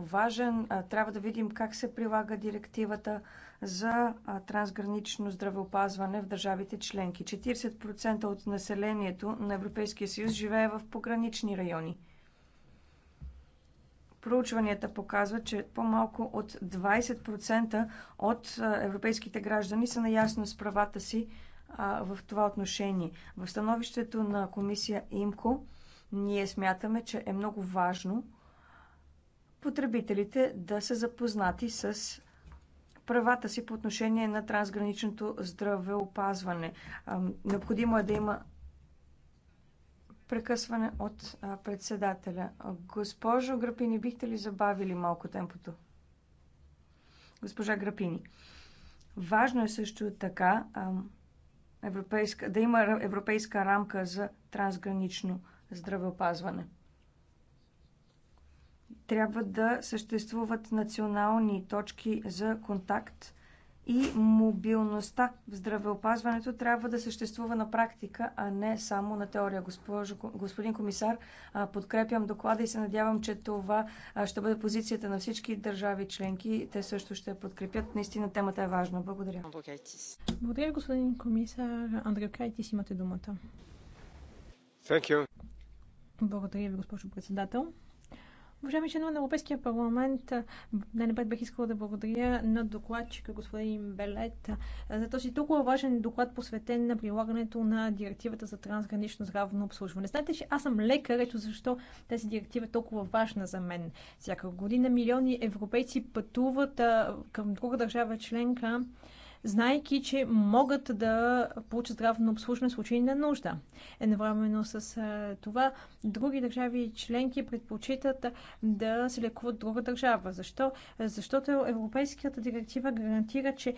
важен. Трябва да видим как се прилага директивата за трансгранично здравеопазване в държавите членки. 40% от населението на Европейския съюз живее в погранични райони. Проучванията показват, че по-малко от 20% от европейските граждани са наясно с правата си в това отношение. В становището на комисия ИМКО ние смятаме, че е много важно – потребителите да са запознати с правата си по отношение на трансграничното здравеопазване. Необходимо е да има прекъсване от председателя. Госпожо Грапини, бихте ли забавили малко темпото? Госпожа Грапини, важно е също така европейска, да има европейска рамка за трансгранично здравеопазване трябва да съществуват национални точки за контакт и мобилността в здравеопазването трябва да съществува на практика, а не само на теория. Госпожо, господин комисар, подкрепям доклада и се надявам, че това ще бъде позицията на всички държави членки. Те също ще подкрепят. Наистина темата е важна. Благодаря. Благодаря, господин комисар. Андрю Кайтис, имате думата. Благодаря ви, госпожо председател. Уважаеми членове на Европейския парламент, най-напред бих искала да благодаря на докладчика господин Белет за този толкова важен доклад, посветен на прилагането на директивата за трансгранично здравно обслужване. Знаете, че аз съм лекар, ето защо тази директива е толкова важна за мен. Всяка година милиони европейци пътуват към друга държава членка, знайки, че могат да получат здравно обслужване в случай на нужда. Едновременно с това, други държави и членки предпочитат да се лекуват друга държава. Защо? Защото Европейската директива гарантира, че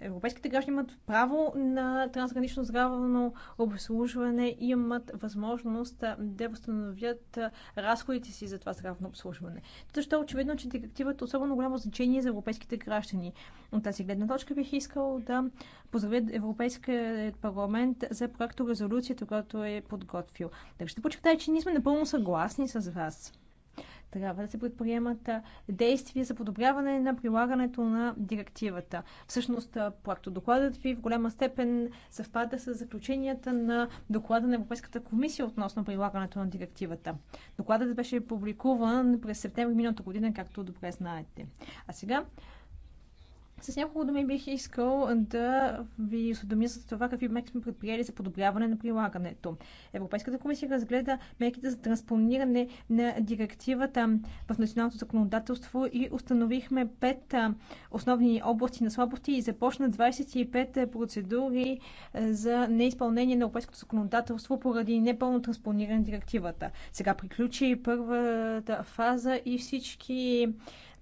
европейските граждани имат право на трансгранично здравно обслужване и имат възможност да възстановят разходите си за това здравно обслужване. Защо очевидно, че директивата е особено голямо значение за европейските граждани. От тази гледна точка бих искал да поздравя Европейският парламент за проекто резолюцията, която е подготвил. Така ще подчертая, че ние сме напълно съгласни с вас. Трябва да се предприемат действия за подобряване на прилагането на директивата. Всъщност, проекто докладът ви в голяма степен съвпада с заключенията на доклада на Европейската комисия относно прилагането на директивата. Докладът беше публикуван през септември миналата година, както добре знаете. А сега с няколко думи бих искал да ви осведомя за това какви мерки сме предприели за подобряване на прилагането. Европейската комисия разгледа мерките за транспониране на директивата в националното законодателство и установихме пет основни области на слабости и започна 25 процедури за неизпълнение на европейското законодателство поради непълно транспониране на директивата. Сега приключи първата фаза и всички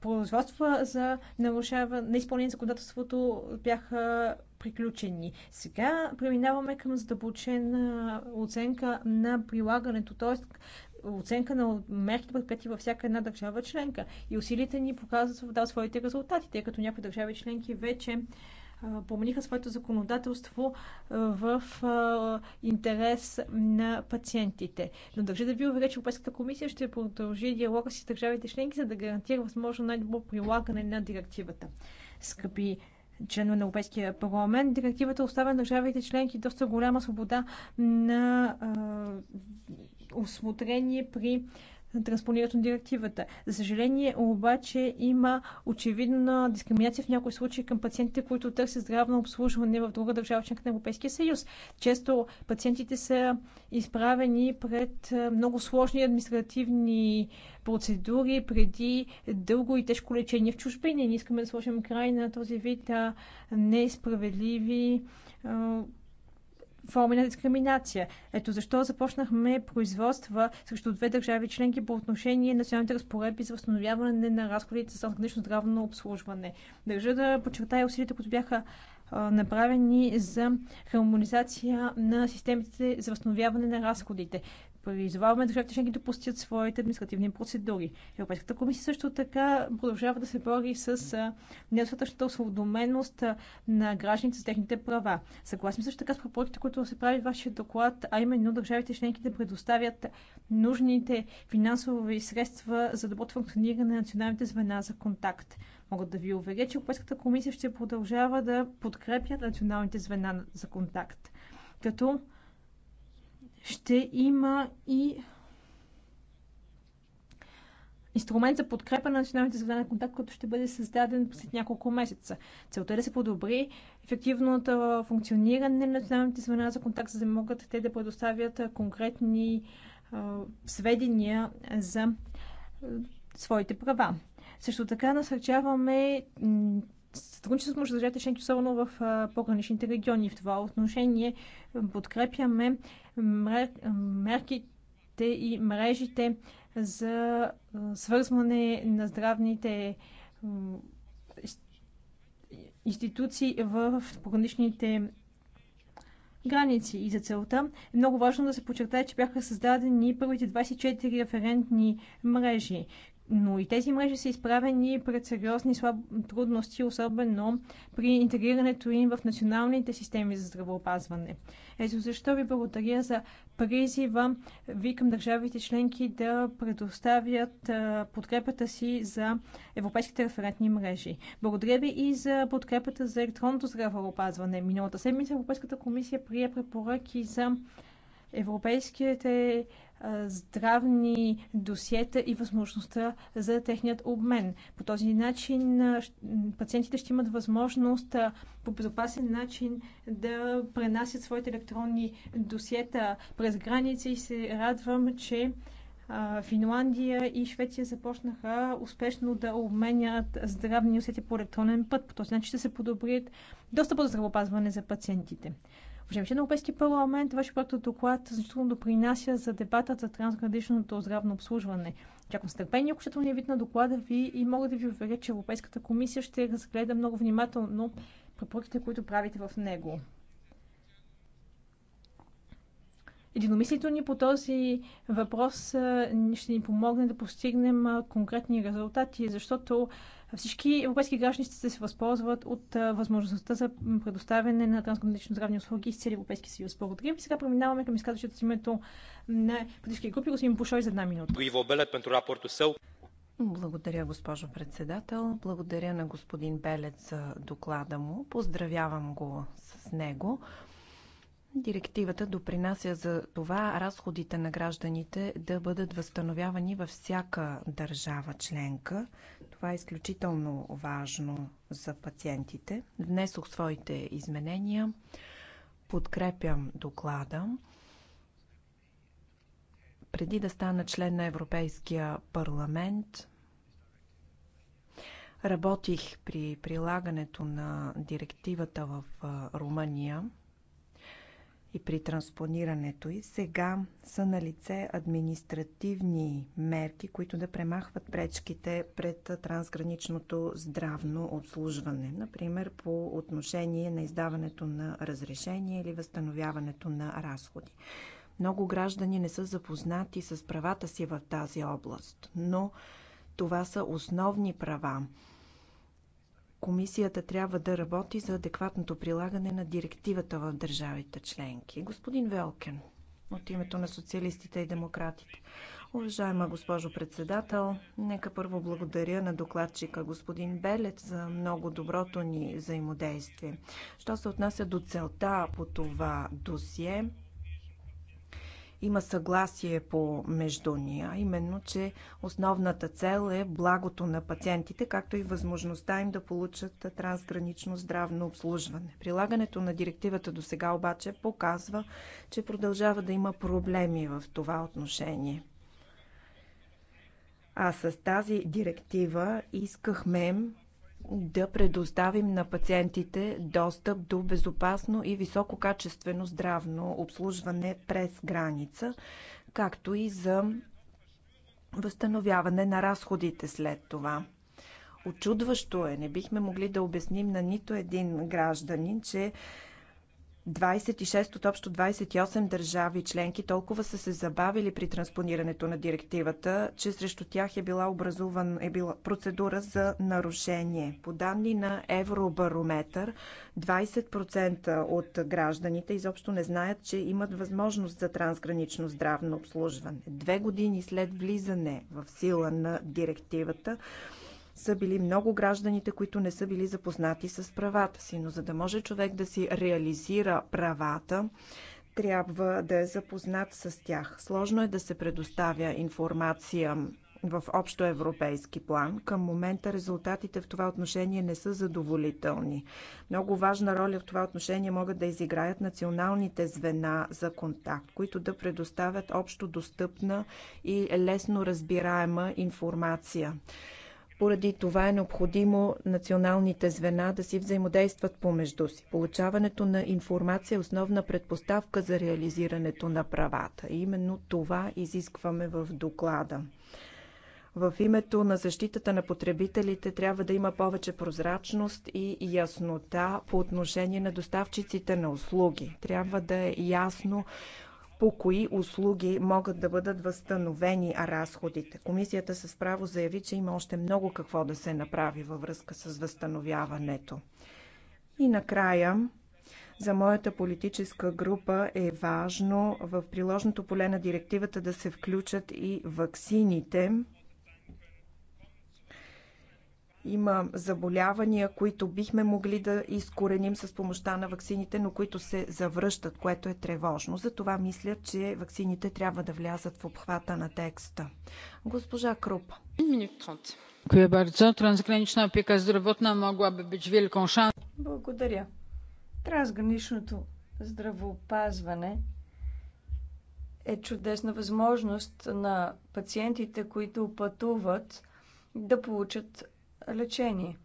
производства за нарушаване неизпълнение на законодателството бяха приключени. Сега преминаваме към задълбочена оценка на прилагането, т.е оценка на мерките предприяти във всяка една държава членка. И усилите ни показват да, своите резултати, тъй като някои държави членки вече промениха своето законодателство в интерес на пациентите. Но държа да ви уверя, че Европейската комисия ще продължи диалога си с държавите членки, за да гарантира възможно най-добро прилагане на директивата. Скъпи членове на Европейския парламент. Директивата оставя на държавите членки доста голяма свобода на а, осмотрение при транспонирането на директивата. За съжаление, обаче има очевидна дискриминация в някои случаи към пациентите, които търсят здравно обслужване в друга държава, членка на Европейския съюз. Често пациентите са изправени пред е, много сложни административни процедури преди дълго и тежко лечение в чужбина. Ние искаме да сложим край на този вид несправедливи е, форми на дискриминация. Ето защо започнахме производства срещу две държави членки по отношение на националните разпоредби за възстановяване на разходите за трансгранично здравно обслужване. Държа да подчертая усилията, които бяха направени за хармонизация на системите за възстановяване на разходите. Призоваваме държавите членки да пустят своите административни процедури. Европейската комисия също така продължава да се бори с недостатъчната освободоменост на гражданите с техните права. Съгласен също така с пропорите, които се прави в вашия доклад, а именно държавите членки да предоставят нужните финансови средства за доброто функциониране на националните звена за контакт. Могат да ви уверя, че Европейската комисия ще продължава да подкрепя националните звена за контакт. Като ще има и инструмент за подкрепа на националните звена на контакт, който ще бъде създаден след няколко месеца. Целта е да се подобри ефективното функциониране на националните звена за контакт, за да могат те да предоставят конкретни а, сведения за а, своите права. Също така насърчаваме сътрудничеството да държате членки, особено в пограничните региони. В това отношение подкрепяме мер... мерките и мрежите за свързване на здравните институции в пограничните граници. И за целта е много важно да се подчертае, че бяха създадени първите 24 референтни мрежи. Но и тези мрежи са изправени пред сериозни слаб... трудности, особено при интегрирането им в националните системи за здравеопазване. Ето защо ви благодаря за призива ви към държавите членки да предоставят подкрепата си за европейските референтни мрежи. Благодаря ви и за подкрепата за електронното здравеопазване. Миналата седмица Европейската комисия прие препоръки за европейските здравни досиета и възможността за техният обмен. По този начин пациентите ще имат възможност по безопасен начин да пренасят своите електронни досиета през граници и се радвам, че Финландия и Швеция започнаха успешно да обменят здравни усети по електронен път. По този начин ще се подобрят достъпа до здравеопазване за пациентите. Уважаеми на Европейски парламент, вашия проект доклад значително допринася за дебатът за трансграничното здравно обслужване. Чакам с търпение окончателния вид на доклада ви и мога да ви уверя, че Европейската комисия ще разгледа много внимателно препоръките, които правите в него. Единомислието ни по този въпрос ще ни помогне да постигнем конкретни резултати, защото всички европейски граждани ще се възползват от възможността за предоставяне на трансгранични здравни услуги с цели Европейски съюз. Благодаря ви. Сега преминаваме към изказващите с името на политически групи. Господин Бушой за една минута. Благодаря, госпожо председател. Благодаря на господин Белец за доклада му. Поздравявам го с него. Директивата допринася за това разходите на гражданите да бъдат възстановявани във всяка държава членка. Това е изключително важно за пациентите. Внесох своите изменения. Подкрепям доклада. Преди да стана член на Европейския парламент, работих при прилагането на директивата в Румъния – и при транспонирането й. Сега са налице административни мерки, които да премахват пречките пред трансграничното здравно обслужване, например по отношение на издаването на разрешение или възстановяването на разходи. Много граждани не са запознати с правата си в тази област, но това са основни права Комисията трябва да работи за адекватното прилагане на директивата в държавите членки. Господин Велкен, от името на социалистите и демократите. Уважаема госпожо председател, нека първо благодаря на докладчика господин Белец за много доброто ни взаимодействие. Що се отнася до целта по това досие, има съгласие по между ния, именно, че основната цел е благото на пациентите, както и възможността им да получат трансгранично здравно обслужване. Прилагането на директивата до сега обаче показва, че продължава да има проблеми в това отношение. А с тази директива искахме да предоставим на пациентите достъп до безопасно и висококачествено здравно обслужване през граница, както и за възстановяване на разходите след това. Очудващо е, не бихме могли да обясним на нито един гражданин, че 26 от общо 28 държави членки толкова са се забавили при транспонирането на директивата, че срещу тях е била образувана е била процедура за нарушение. По данни на Евробарометър, 20% от гражданите изобщо не знаят, че имат възможност за трансгранично здравно обслужване. Две години след влизане в сила на директивата, са били много гражданите, които не са били запознати с правата си. Но за да може човек да си реализира правата, трябва да е запознат с тях. Сложно е да се предоставя информация в общоевропейски план. Към момента резултатите в това отношение не са задоволителни. Много важна роля в това отношение могат да изиграят националните звена за контакт, които да предоставят общо достъпна и лесно разбираема информация. Поради това е необходимо националните звена да си взаимодействат помежду си. Получаването на информация е основна предпоставка за реализирането на правата. И именно това изискваме в доклада. В името на защитата на потребителите трябва да има повече прозрачност и яснота по отношение на доставчиците на услуги. Трябва да е ясно по кои услуги могат да бъдат възстановени разходите. Комисията с право заяви, че има още много какво да се направи във връзка с възстановяването. И накрая, за моята политическа група е важно в приложното поле на директивата да се включат и ваксините, има заболявания, които бихме могли да изкореним с помощта на ваксините, но които се завръщат, което е тревожно. Затова мисля, че ваксините трябва да влязат в обхвата на текста. Госпожа Крупа. Dziękuję bardzo. Transgraniczna opieka zdrowotna mogłaby być wielką szansą. Благодаря. Трансграничното здравоопазване е чудесна възможност на пациентите, които пътуват, да получат лечение.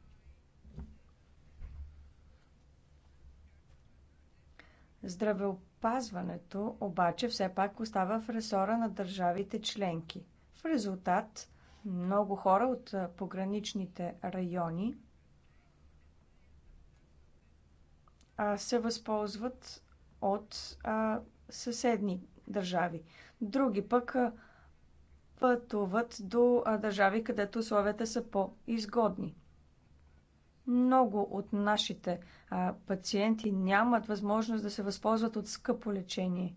Здравеопазването обаче все пак остава в ресора на държавите членки. В резултат много хора от пограничните райони се възползват от съседни държави. Други пък пътуват до държави, където условията са по-изгодни. Много от нашите а, пациенти нямат възможност да се възползват от скъпо лечение.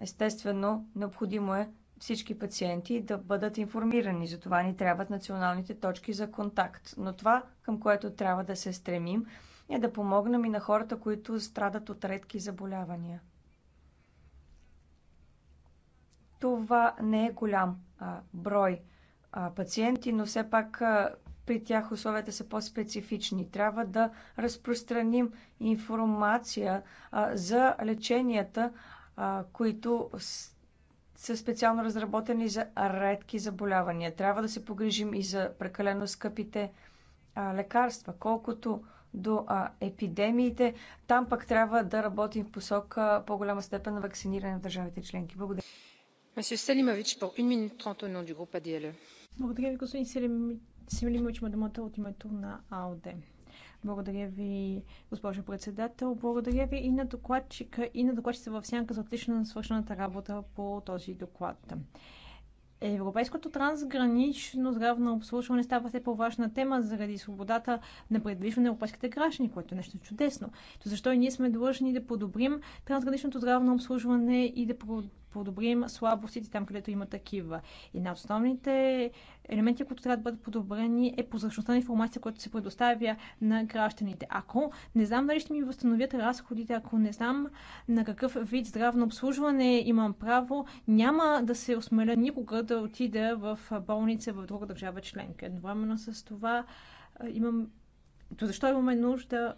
Естествено, необходимо е всички пациенти да бъдат информирани. За това ни трябват националните точки за контакт. Но това, към което трябва да се стремим, е да помогнем и на хората, които страдат от редки заболявания. Това не е голям а, брой а, пациенти, но все пак а, при тях условията са по-специфични. Трябва да разпространим информация а, за леченията, а, които са специално разработени за редки заболявания. Трябва да се погрижим и за прекалено скъпите а, лекарства. Колкото до а, епидемиите, там пък трябва да работим в посока по-голяма степен на вакциниране в държавите членки. Благодаря. E. Благодаря ви, господин Селимович. Има думата от името на АОД. Благодаря ви, госпожо председател. Благодаря ви и на докладчика, и на докладчица в сянка за отлично свършената работа по този доклад. Европейското трансгранично здравно обслужване става все по-важна тема заради свободата на предвижване на европейските граждани, което е нещо чудесно. То защо и ние сме длъжни да подобрим трансграничното здравно обслужване и да подобрим слабостите там, където има такива. Една от основните елементи, които трябва да бъдат подобрени, е прозрачността на информация, която се предоставя на гражданите. Ако не знам дали ще ми възстановят разходите, ако не знам на какъв вид здравно обслужване имам право, няма да се осмеля никога да отида в болница в друга държава членка. Едновременно с това имам. То защо имаме нужда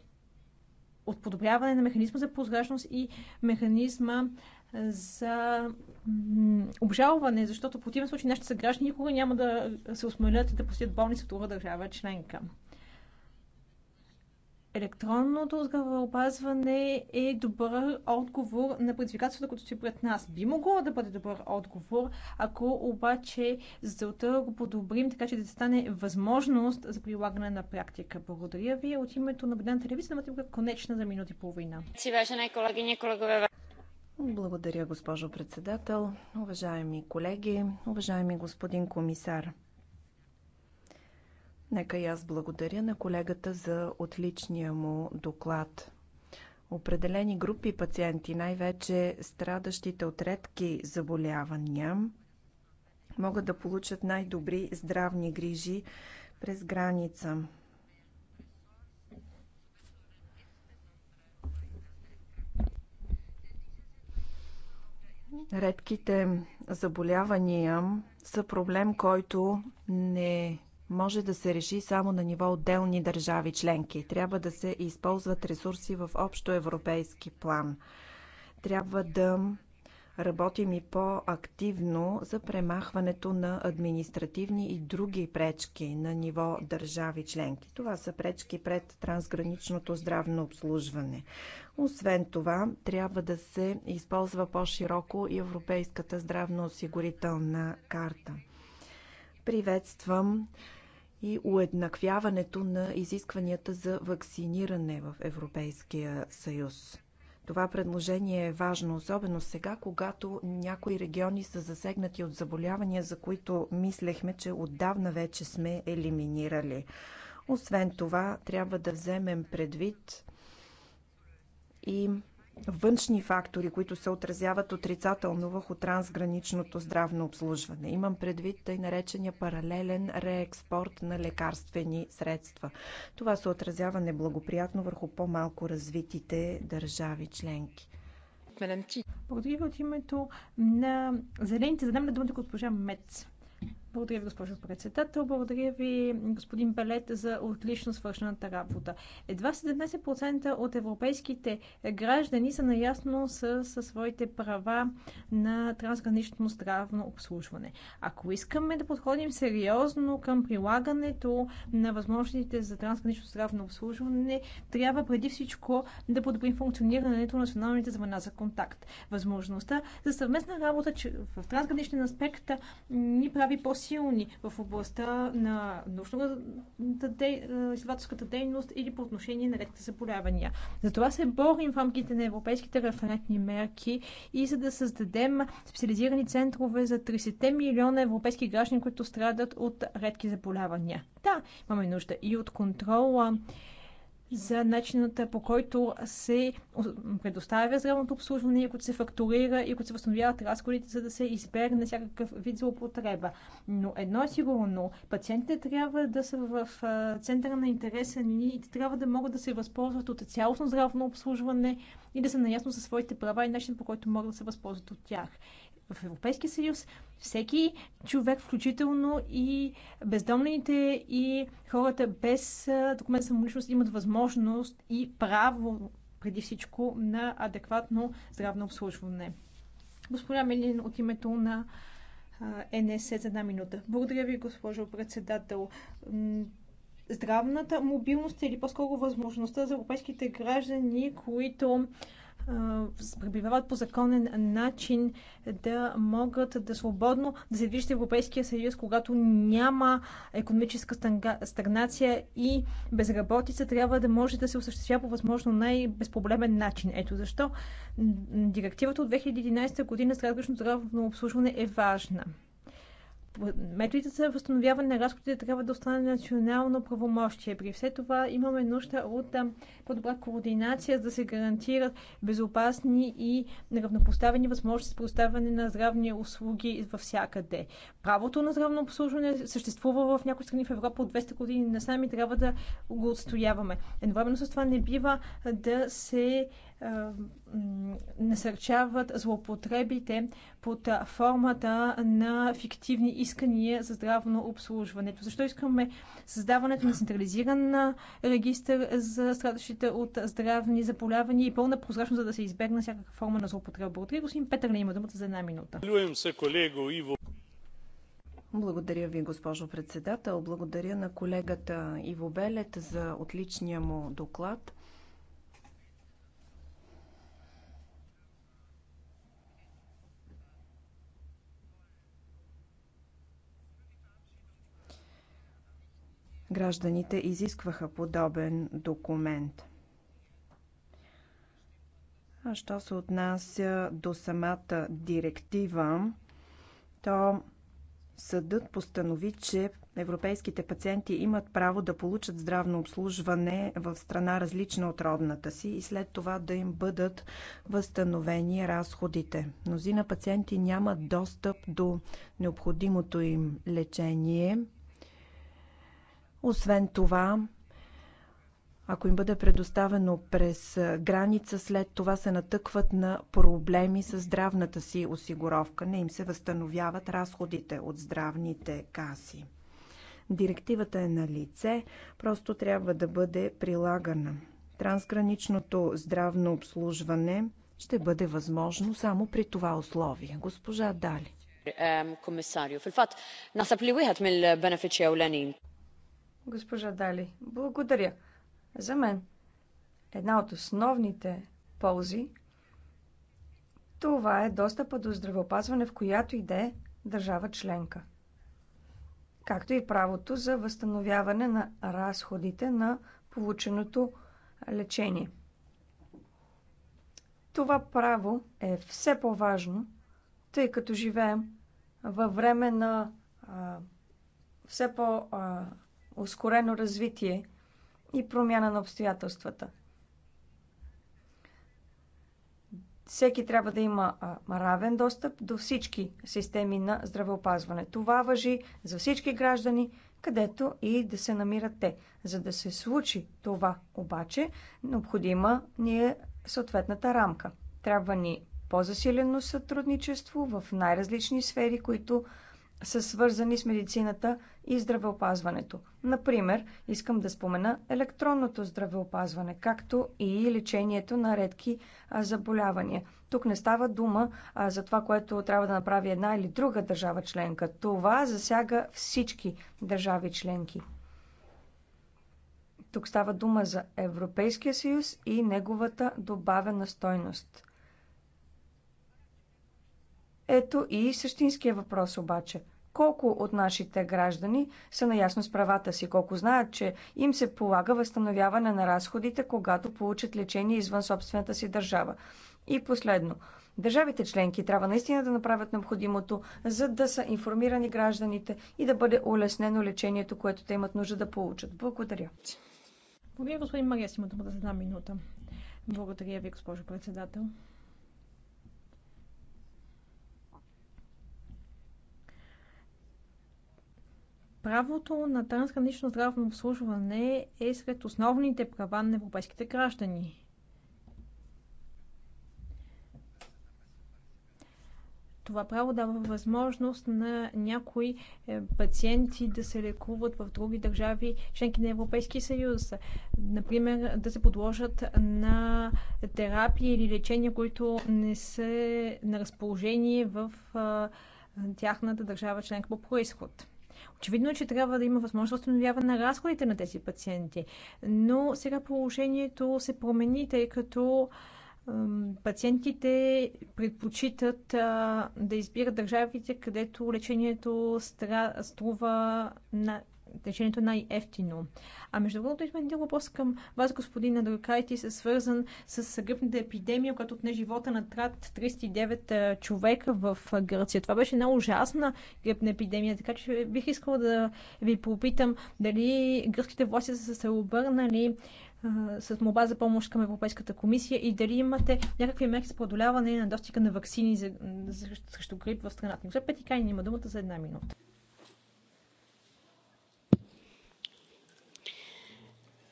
от подобряване на механизма за прозрачност и механизма за обжалване, защото в противен случай нашите съграждани никога няма да се осмелят да посетят болница в друга държава членка. Електронното здравеопазване е добър отговор на предизвикателствата, които си пред нас. Би могло да бъде добър отговор, ако обаче за целта го подобрим, така че да стане възможност за прилагане на практика. Благодаря ви. От името на Бедната телевизия, имате конечна за минути и половина. Благодаря, госпожо председател. Уважаеми колеги, уважаеми господин комисар. Нека и аз благодаря на колегата за отличния му доклад. Определени групи пациенти, най-вече страдащите от редки заболявания, могат да получат най-добри здравни грижи през граница. Редките заболявания са проблем, който не може да се реши само на ниво отделни държави членки. Трябва да се използват ресурси в общо европейски план. Трябва да Работим и по-активно за премахването на административни и други пречки на ниво държави членки. Това са пречки пред трансграничното здравно обслужване. Освен това, трябва да се използва по-широко и Европейската здравноосигурителна карта. Приветствам и уеднаквяването на изискванията за вакциниране в Европейския съюз. Това предложение е важно, особено сега, когато някои региони са засегнати от заболявания, за които мислехме, че отдавна вече сме елиминирали. Освен това, трябва да вземем предвид и външни фактори, които се отразяват отрицателно върху трансграничното здравно обслужване. Имам предвид тъй наречения паралелен реекспорт на лекарствени средства. Това се отразява неблагоприятно върху по-малко развитите държави членки. Благодаря ви от името на Зелените. Задам на думата госпожа Мец. Благодаря ви, госпожо председател. Благодаря ви, господин Белет, за отлично свършената работа. Едва 17% от европейските граждани са наясно с, с своите права на трансгранично здравно обслужване. Ако искаме да подходим сериозно към прилагането на възможностите за трансгранично здравно обслужване, трябва преди всичко да подобрим функционирането на националните звена за контакт. Възможността за съвместна работа в трансграничен аспект ни прави по по-силни в областта на научната е, изследователската дейност или по отношение на редките заболявания. Затова се борим в рамките на европейските референтни мерки и за да създадем специализирани центрове за 30 милиона европейски граждани, които страдат от редки заболявания. Да, имаме нужда и от контрола за начинът по който се предоставя здравното обслужване, и като се фактурира и като се възстановяват разходите, за да се избегне всякакъв вид злоупотреба. Но едно е сигурно, пациентите трябва да са в центъра на интереса ни и трябва да могат да се възползват от цялостно здравно обслужване и да са наясно със своите права и начин по който могат да се възползват от тях в Европейския съюз всеки човек, включително и бездомните и хората без документ самоличност имат възможност и право преди всичко на адекватно здравно обслужване. Госпожа Мелин от името на НС за една минута. Благодаря ви, госпожо председател здравната мобилност или по-скоро възможността за европейските граждани, които пребивават по законен начин, да могат да свободно да се движат в Европейския съюз, когато няма економическа стагнация и безработица, трябва да може да се осъществява по възможно най-безпроблемен начин. Ето защо директивата от 2011 година с различно здравно обслужване е важна. Методите за възстановяване на разходите трябва да остане национално правомощие. При все това имаме нужда от по-добра координация, за да се гарантират безопасни и равнопоставени възможности за предоставяне на здравни услуги във всякъде. Правото на здравно обслужване съществува в някои страни в Европа от 200 години Не и трябва да го отстояваме. Едновременно с това не бива да се насърчават злоупотребите под формата на фиктивни искания за здравно обслужването. Защо искаме създаването на централизиран регистр за страдащите от здравни заболявания и пълна прозрачност, за да се избегне всякаква форма на злоупотреба. Благодаря, господин Петър, не има думата за една минута. Благодаря ви, госпожо председател. Благодаря на колегата Иво Белет за отличния му доклад. Гражданите изискваха подобен документ. А що се отнася до самата директива, то съдът постанови, че европейските пациенти имат право да получат здравно обслужване в страна различна от родната си и след това да им бъдат възстановени разходите. Мнозина пациенти нямат достъп до необходимото им лечение – освен това, ако им бъде предоставено през граница, след това се натъкват на проблеми с здравната си осигуровка. Не им се възстановяват разходите от здравните каси. Директивата е на лице, просто трябва да бъде прилагана. Трансграничното здравно обслужване ще бъде възможно само при това условие. Госпожа Дали. Е, комисарио, Госпожа Дали, благодаря. За мен една от основните ползи това е достъпа до здравеопазване в която и да е държава членка. Както и правото за възстановяване на разходите на полученото лечение. Това право е все по-важно, тъй като живеем във време на а, все по- а, ускорено развитие и промяна на обстоятелствата. Всеки трябва да има равен достъп до всички системи на здравеопазване. Това въжи за всички граждани, където и да се намират те. За да се случи това обаче, необходима ни е съответната рамка. Трябва ни по-засилено сътрудничество в най-различни сфери, които са свързани с медицината и здравеопазването. Например, искам да спомена електронното здравеопазване, както и лечението на редки заболявания. Тук не става дума за това, което трябва да направи една или друга държава членка. Това засяга всички държави членки. Тук става дума за Европейския съюз и неговата добавена стойност. Ето и същинския въпрос обаче – колко от нашите граждани са наясно с правата си, колко знаят, че им се полага възстановяване на разходите, когато получат лечение извън собствената си държава. И последно, държавите членки трябва наистина да направят необходимото, за да са информирани гражданите и да бъде улеснено лечението, което те имат нужда да получат. Благодаря. Благодаря, господин Магес, имате има за една минута. Благодаря ви, госпожо председател. Правото на трансгранично здравно обслужване е сред основните права на европейските граждани. Това право дава възможност на някои е, пациенти да се лекуват в други държави, членки на Европейския съюз. Например, да се подложат на терапии или лечения, които не са на разположение в тяхната държава членка по происход. Очевидно е, че трябва да има възможност да установяване на разходите на тези пациенти, но сега положението се промени, тъй като пациентите предпочитат а, да избират държавите, където лечението стра... струва на течението най-ефтино. А между другото, има един въпрос към вас, господин Адрокайти, се свързан с гръбната епидемия, която отне живота на трат 39 човека в Гърция. Това беше една ужасна гръбна епидемия, така че бих искала да ви попитам дали гръцките власти са се обърнали а, с моба за помощ към Европейската комисия и дали имате някакви мерки за преодоляване на достига на вакцини за, за, срещу грип в страната. Господин Петикайни има думата за една минута.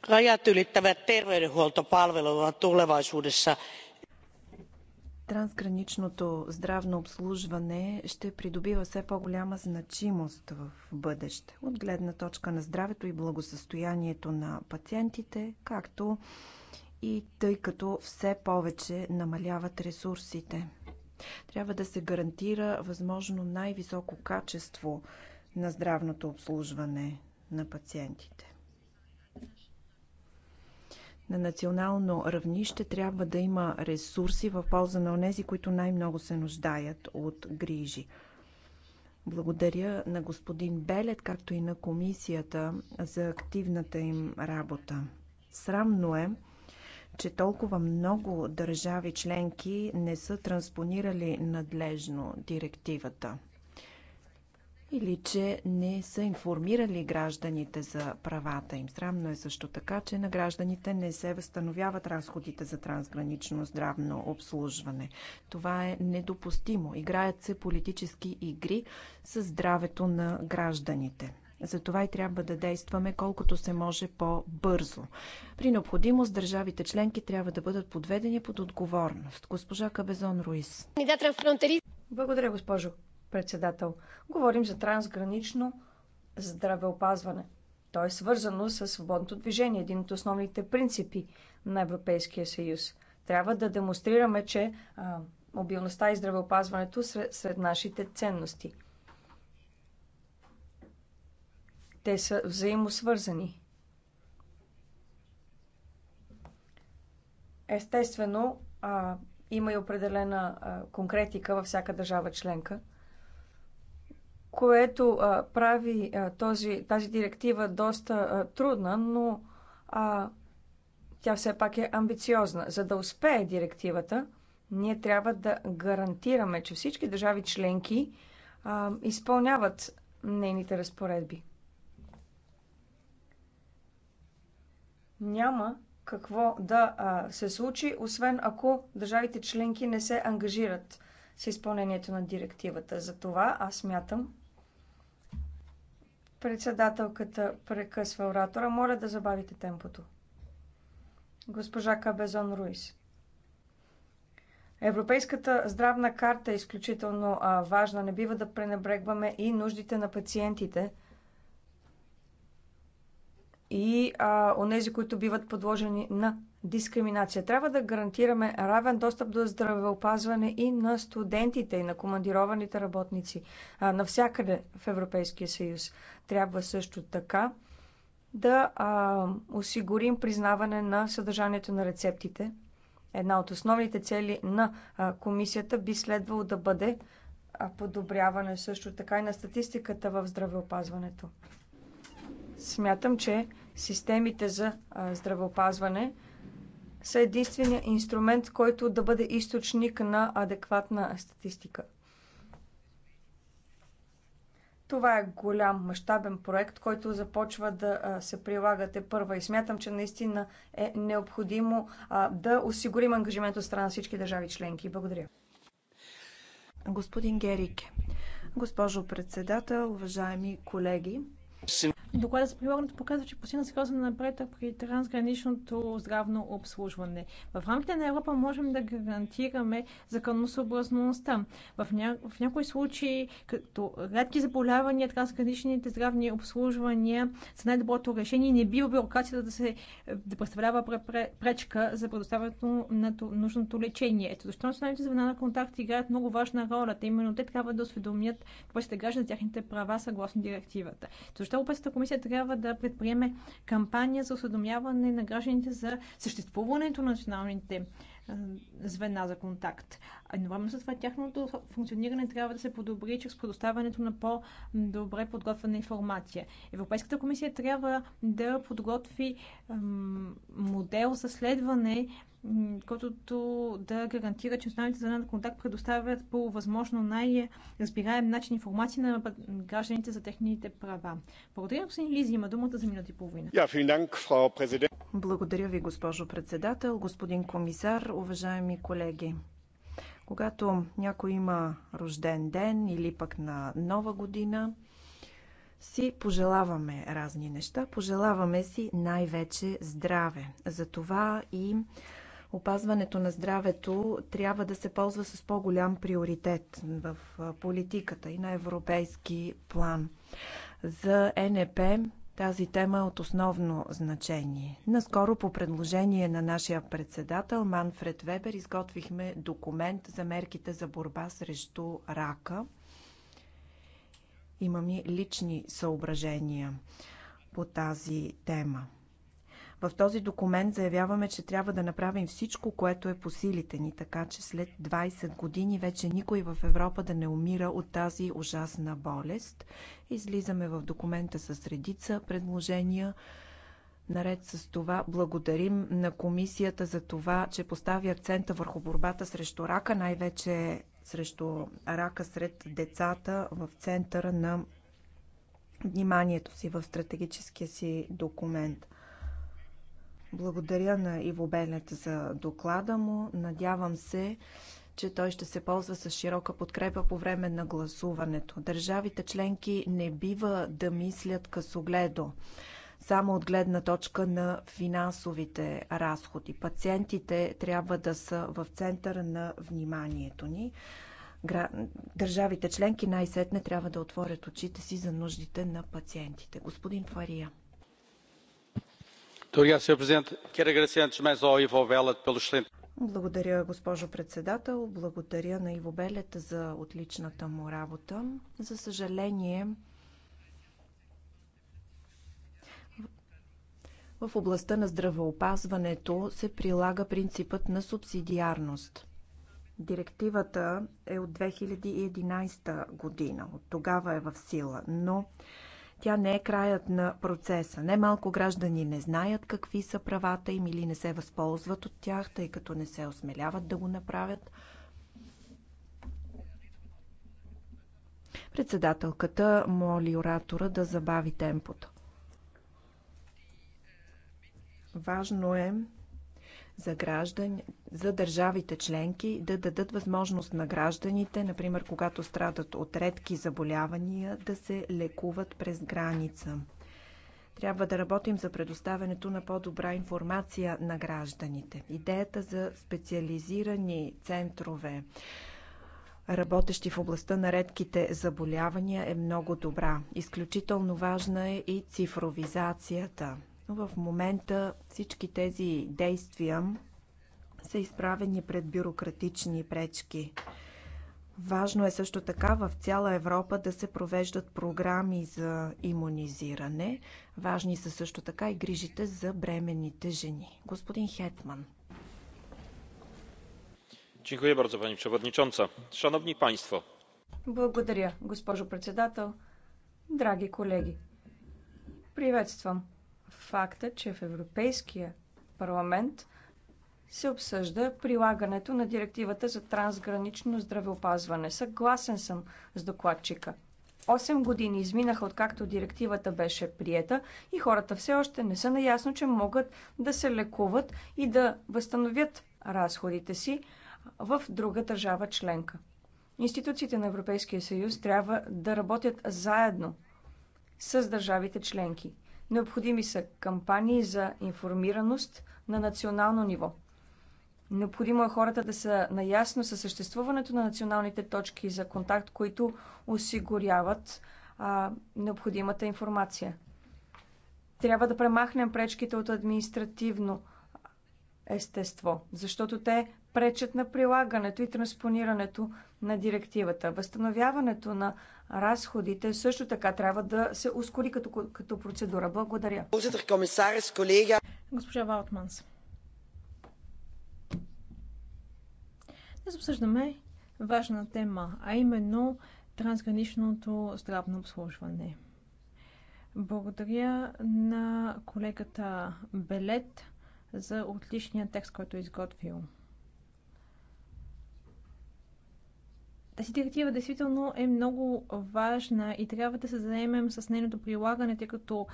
rajat ylittävät terveydenhuoltopalvelut ovat tulevaisuudessa трансграничното здравно обслужване ще придобива все по-голяма значимост в бъдеще от гледна точка на здравето и благосъстоянието на пациентите, както и тъй като все повече намаляват ресурсите. Трябва да се гарантира възможно най-високо качество на здравното обслужване на пациентите на национално равнище трябва да има ресурси в полза на онези, които най-много се нуждаят от грижи. Благодаря на господин Белет, както и на комисията за активната им работа. Срамно е, че толкова много държави членки не са транспонирали надлежно директивата или че не са информирали гражданите за правата им. Срамно е също така, че на гражданите не се възстановяват разходите за трансгранично здравно обслужване. Това е недопустимо. Играят се политически игри с здравето на гражданите. Затова и трябва да действаме колкото се може по-бързо. При необходимост държавите членки трябва да бъдат подведени под отговорност. Госпожа Кабезон Руис. Благодаря, госпожо председател. Говорим за трансгранично здравеопазване. То е свързано с свободното движение, един от основните принципи на Европейския съюз. Трябва да демонстрираме, че а, мобилността и здравеопазването сред, сред нашите ценности. Те са взаимосвързани. Естествено, а, има и определена а, конкретика във всяка държава членка – което а, прави а, този, тази директива доста а, трудна, но а, тя все пак е амбициозна. За да успее директивата, ние трябва да гарантираме, че всички държави членки а, изпълняват нейните разпоредби. Няма какво да а, се случи, освен ако държавите членки не се ангажират с изпълнението на директивата. Затова аз мятам, Председателката прекъсва оратора. Моля да забавите темпото. Госпожа Кабезон Руис. Европейската здравна карта е изключително важна. Не бива да пренебрегваме и нуждите на пациентите и а, онези, които биват подложени на дискриминация. Трябва да гарантираме равен достъп до здравеопазване и на студентите, и на командированите работници а, навсякъде в Европейския съюз. Трябва също така да а, осигурим признаване на съдържанието на рецептите. Една от основните цели на а, комисията би следвало да бъде а, подобряване също така и на статистиката в здравеопазването. Смятам, че системите за здравеопазване са единствения инструмент, който да бъде източник на адекватна статистика. Това е голям мащабен проект, който започва да се прилага те първа и смятам, че наистина е необходимо да осигурим ангажимент от страна на всички държави членки. Благодаря. Господин Герике, госпожо председател, уважаеми колеги, Докладът за прилагането показва, че постигна сериозен напредък при трансграничното здравно обслужване. В рамките на Европа можем да гарантираме законосъобразността. В, ня... в някои случаи, като редки заболявания, трансграничните здравни обслужвания са най-доброто решение. Не бива бюрокрацията да се да представлява пречка за предоставянето на нужното лечение. Ето защо националните звена на контакт играят много важна роля. именно те трябва да осведомят какво се граждани за тяхните права съгласно директивата защо Европейската комисия трябва да предприеме кампания за осведомяване на гражданите за съществуването на националните звена за контакт. Едновременно с това тяхното функциониране трябва да се подобри чрез предоставянето на по-добре подготвена информация. Европейската комисия трябва да подготви модел за следване който да гарантира, че останалите за на контакт предоставят по възможно най-разбираем начин информация на гражданите за техните права. Благодаря, господин Лизи, има думата за минути и половина. Благодаря ви, госпожо председател, господин комисар, уважаеми колеги. Когато някой има рожден ден или пък на нова година, си пожелаваме разни неща. Пожелаваме си най-вече здраве. Затова и опазването на здравето трябва да се ползва с по-голям приоритет в политиката и на европейски план. За НП тази тема е от основно значение. Наскоро по предложение на нашия председател Манфред Вебер изготвихме документ за мерките за борба срещу рака. Имам и лични съображения по тази тема. В този документ заявяваме, че трябва да направим всичко, което е по силите ни, така че след 20 години вече никой в Европа да не умира от тази ужасна болест. Излизаме в документа с редица предложения. Наред с това благодарим на комисията за това, че постави акцента върху борбата срещу рака, най-вече срещу рака сред децата в центъра на вниманието си в стратегическия си документ. Благодаря на Иво Бенет за доклада му. Надявам се, че той ще се ползва с широка подкрепа по време на гласуването. Държавите членки не бива да мислят късогледо само от гледна точка на финансовите разходи. Пациентите трябва да са в центъра на вниманието ни. Държавите членки най-сетне трябва да отворят очите си за нуждите на пациентите. Господин Фария. Благодаря, госпожо председател. Благодаря на Иво Белет за отличната му работа. За съжаление, в областта на здравеопазването се прилага принципът на субсидиарност. Директивата е от 2011 година. От тогава е в сила, но тя не е краят на процеса. Немалко граждани не знаят какви са правата им или не се възползват от тях, тъй като не се осмеляват да го направят. Председателката моли оратора да забави темпото. Важно е за граждани, за държавите членки да дадат възможност на гражданите, например когато страдат от редки заболявания, да се лекуват през граница. Трябва да работим за предоставянето на по-добра информация на гражданите. Идеята за специализирани центрове, работещи в областта на редките заболявания, е много добра. Изключително важна е и цифровизацията но в момента всички тези действия са изправени пред бюрократични пречки. Важно е също така в цяла Европа да се провеждат програми за иммунизиране. Важни са също така и грижите за бременните жени. Господин Хетман. Dziękuję bardzo pani przewodnicząca. Szanowni państwo. Благодаря, госпожо председател. Драги колеги. Приветствам факта, че в Европейския парламент се обсъжда прилагането на директивата за трансгранично здравеопазване. Съгласен съм с докладчика. Осем години изминаха откакто директивата беше приета и хората все още не са наясно, че могат да се лекуват и да възстановят разходите си в друга държава членка. Институциите на Европейския съюз трябва да работят заедно с държавите членки. Необходими са кампании за информираност на национално ниво. Необходимо е хората да са наясно със съществуването на националните точки за контакт, които осигуряват а, необходимата информация. Трябва да премахнем пречките от административно естество, защото те пречат на прилагането и транспонирането на директивата. Възстановяването на разходите също така трябва да се ускори като, като процедура. Благодаря. Госпожа Ваутманс. Днес обсъждаме важна тема, а именно трансграничното здравно обслужване. Благодаря на колегата Белет за отличния текст, който е изготвил. Тази директива действително е много важна и трябва да се заемем с нейното прилагане, тъй като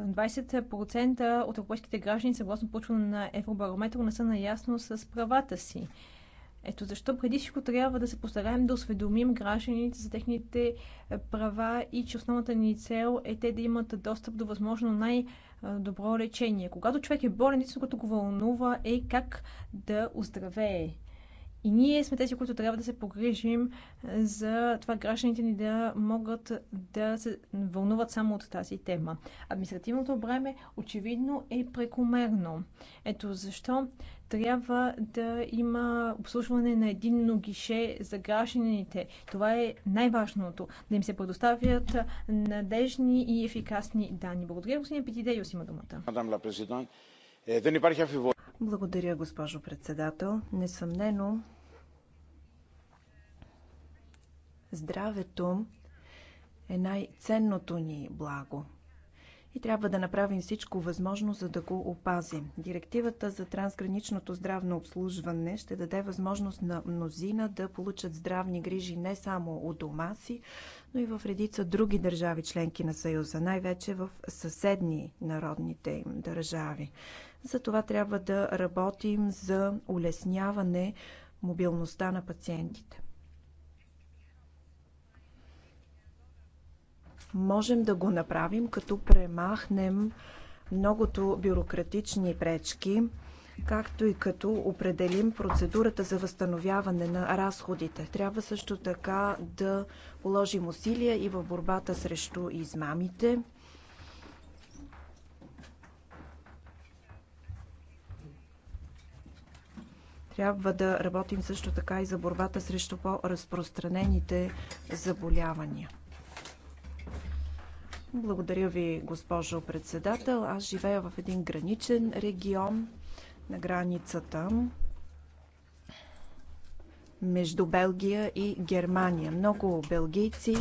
20% от европейските граждани, съгласно почване на Евробарометър, не са наясно с правата си. Ето защо преди всичко трябва да се постараем да осведомим гражданите за техните права и че основната ни цел е те да имат достъп до възможно най-добро лечение. Когато човек е болен, единственото, което го вълнува е как да оздравее. И ние сме тези, които трябва да се погрижим е, за това гражданите ни да могат да се вълнуват само от тази тема. Административното бреме очевидно е прекомерно. Ето защо трябва да има обслужване на един гише за гражданите. Това е най-важното. Да им се предоставят надежни и ефикасни данни. Благодаря, господин Петидеус има думата. Мадам ла президент, е, благодаря, госпожо председател. Несъмнено, здравето е най-ценното ни благо и трябва да направим всичко възможно, за да го опазим. Директивата за трансграничното здравно обслужване ще даде възможност на мнозина да получат здравни грижи не само у дома си, но и в редица други държави членки на Съюза, най-вече в съседни народните им държави. Затова трябва да работим за улесняване мобилността на пациентите. Можем да го направим, като премахнем многото бюрократични пречки, както и като определим процедурата за възстановяване на разходите. Трябва също така да положим усилия и в борбата срещу измамите. Трябва да работим също така и за борбата срещу по-разпространените заболявания. Благодаря ви, госпожо председател. Аз живея в един граничен регион на границата между Белгия и Германия. Много белгийци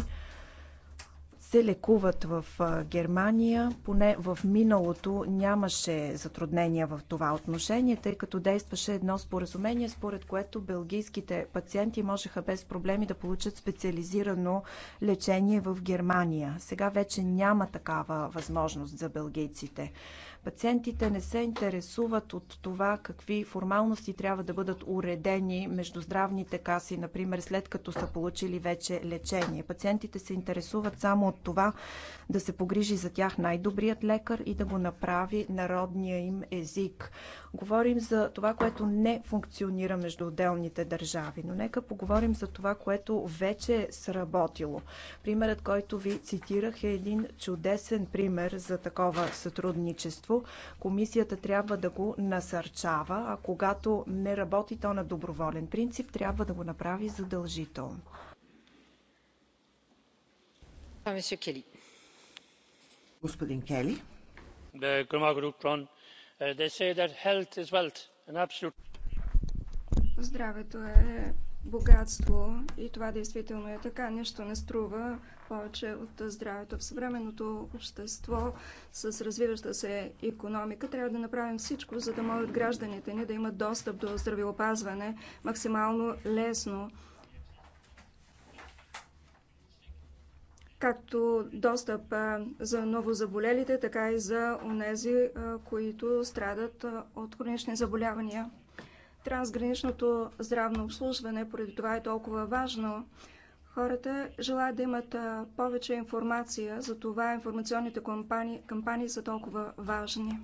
се лекуват в Германия. Поне в миналото нямаше затруднения в това отношение, тъй като действаше едно споразумение, според което белгийските пациенти можеха без проблеми да получат специализирано лечение в Германия. Сега вече няма такава възможност за белгийците. Пациентите не се интересуват от това какви формалности трябва да бъдат уредени между здравните каси, например след като са получили вече лечение. Пациентите се интересуват само от това да се погрижи за тях най-добрият лекар и да го направи народния им език. Говорим за това, което не функционира между отделните държави, но нека поговорим за това, което вече е сработило. Примерът, който ви цитирах е един чудесен пример за такова сътрудничество партньорство, комисията трябва да го насърчава, а когато не работи то на доброволен принцип, трябва да го направи задължително. Господин Кели. Е, Здравето е богатство и това действително е така. Нищо не струва повече от здравето. В съвременното общество с развиваща се економика трябва да направим всичко, за да могат гражданите ни да имат достъп до здравеопазване максимално лесно. както достъп за новозаболелите, така и за онези, които страдат от хронични заболявания трансграничното здравно обслужване, поради това е толкова важно. Хората желаят да имат повече информация, за това информационните кампании, кампании са толкова важни.